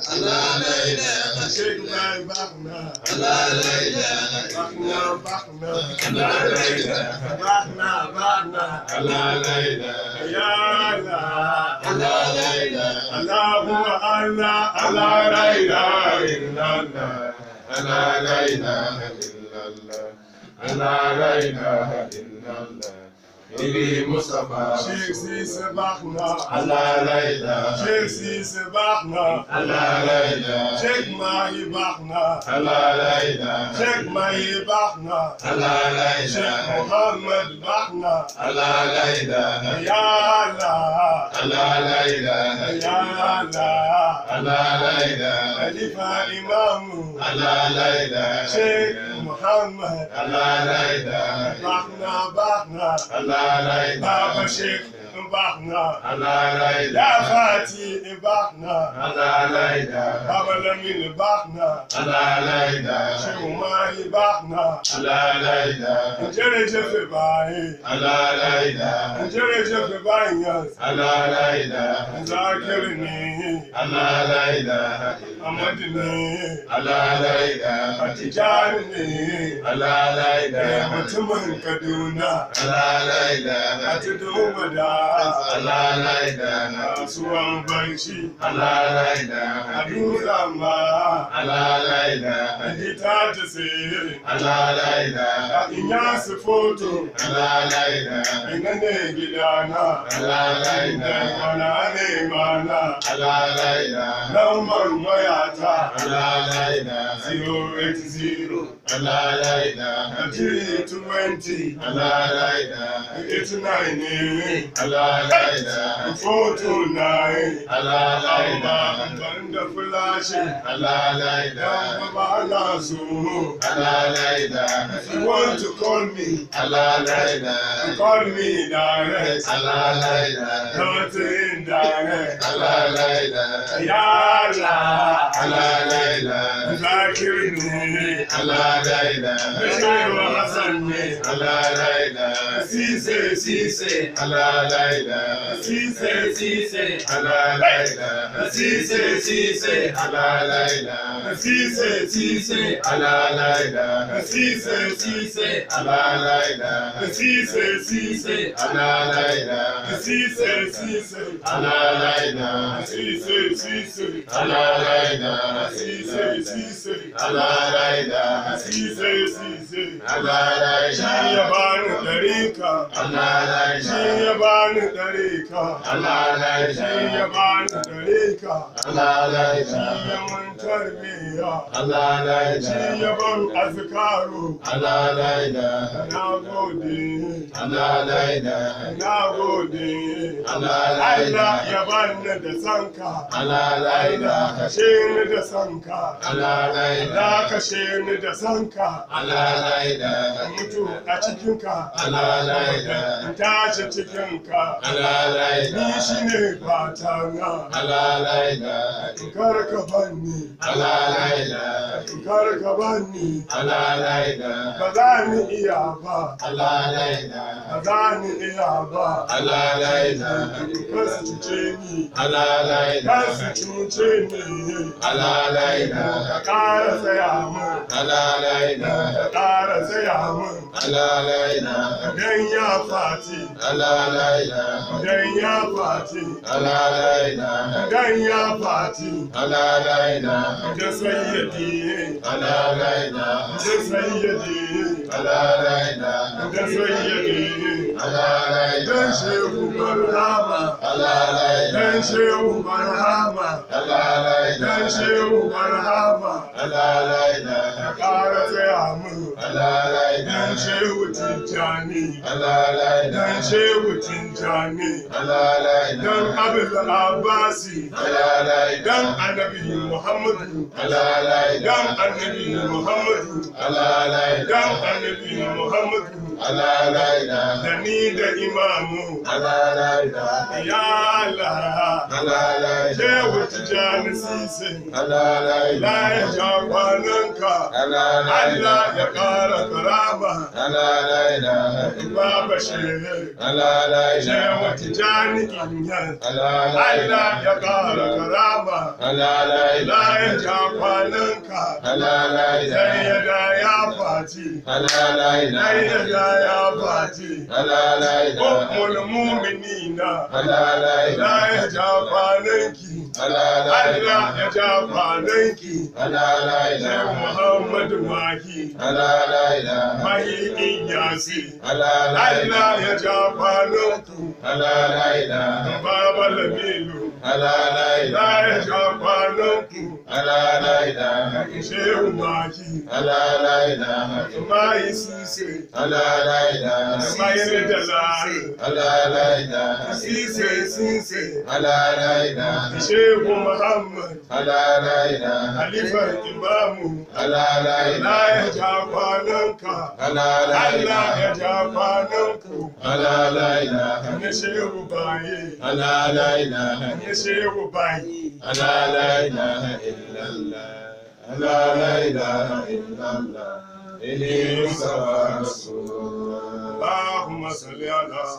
Allah la ilaha illallah baax na Allah la ilaha illallah baax na Allah la ilaha baax na baax na Allah la ilaha ya Allah Allah la ilaha Allahumma Allah Allah la ilaha illallah Allah la ilaha illallah Allah la ilaha illallah Ili Mustafa Cheikh Cissé baax na Allah layla Cheikh Cissé baax na Allah layla Cheikh Mahi baax na Allah layla Cheikh Mahi baax na Allah layla Cheikh Mohammed baax na Allah layla Ya Allah Allah layla Ya Allah Allah layla Khalifa Imam Allah layla Cheikh Mohammed Allah layla baax na baax na lay Baba Cheikh baax na yaa faati baax na baba lamin baax na Cheikh Umar baax na jërëjëf Baye jërëjëf Baye Niass Zakir ni Amad ni Atijaan ni Mutumin Kaduna Atidumada Allah la ilaha suwan banshi Allah la ilaha adurama Allah la ilaha adita tasir Allah la ilaha inyas foto Allah la ilaha ingane gidana Allah la ilaha wana ne mana Allah la ilaha lamar mayata Allah la ilaha 080 Alalaida, three twenty. Alalaida, eight nine. Alalaida, four two nine. Alalaida, banda flash. Alalaida, bala so. Alalaida, if you want to call me. Alalaida, call me direct. Alalaida, not indirect. Alalaida, yalla. Alalaida, zakirni. Alalaida. la ilaha illallah Allah la ilaha Cissé Cissé Allah la ilaha Cissé Cissé Allah la ilaha Cissé Cissé Allah la ilaha Cissé Cissé Allah la ilaha Cissé Cissé Allah la ilaha Cissé Cissé Allah la ilaha Cissé Cissé Allah la ilaha Cissé Cissé Allah la ilaha Cissé Cissé Allah la ilaha sise sise shi ya bani ɗarika shi ya bani ɗarika tarbiya Allah la ilaha shi ya bar azkaru Allah la ilaha na gode Allah la ilaha na gode Allah la ilaha ya bar ni da sanka Allah la ilaha shi ni da sanka Allah la ilaha ka shi ni da sanka Allah la ilaha mutu a cikinka Allah la ilaha tashi cikinka Allah la ilaha ni shine fata na Allah la ilaha kar ka banni ala laila kar ka bani ala laila ba za ni iya ba ala laila ba za ni iya ba ala laila kas cuce ni ala laila kas cuce ni ala laila ka kara saya min ala laila ka kara saya min ala laila dan ya fati ala laila dan ya fati ala laila dan ya fati ala laila جسريتي على رأينا جسريتي على رأينا جسريتي على رأينا شيخ مرحمة على رأينا شيخ مرحمة على رأينا شيخ مرحمة على رأينا قارة يا عمرو على رأينا dan shehu tijjani dan shehu tijjani dan abul abbasi dan annabi muhammadu dan annabi muhammadu dan annabi muhammadu da ni da imamu ya Allah shehu tijjani sise la ya ja kwananka Allah ya kara karama ala la ilaha illa bashir ala la ilaha tijani anyar ala la ilaha ya kara karama ala la ilaha ya jafananka ala la ilaha ya da ya fati ala la ilaha ya da ya fati ala la ilaha ummul mu'minina ala la ilaha ya jafananka Allah ya ja kwananki sai Muhammadu mahi mahi in yasi Allah ya ja kwananku Baba Lamilu Allah ya ja kwananku ala la ilaha illallah ala la ilaha illallah ala la ilaha illallah ala la ilaha illallah ala la ilaha sheikh muhammad ala la ilaha khalifa imam ala la ilaha jafananka ala la ilaha jafananku ala la ilaha sheikh baye ala la ilaha sheikh baye ala la ilaha إلا الله لا لا إله إلا الله إليه مصطفى رسول الله اللهم صل على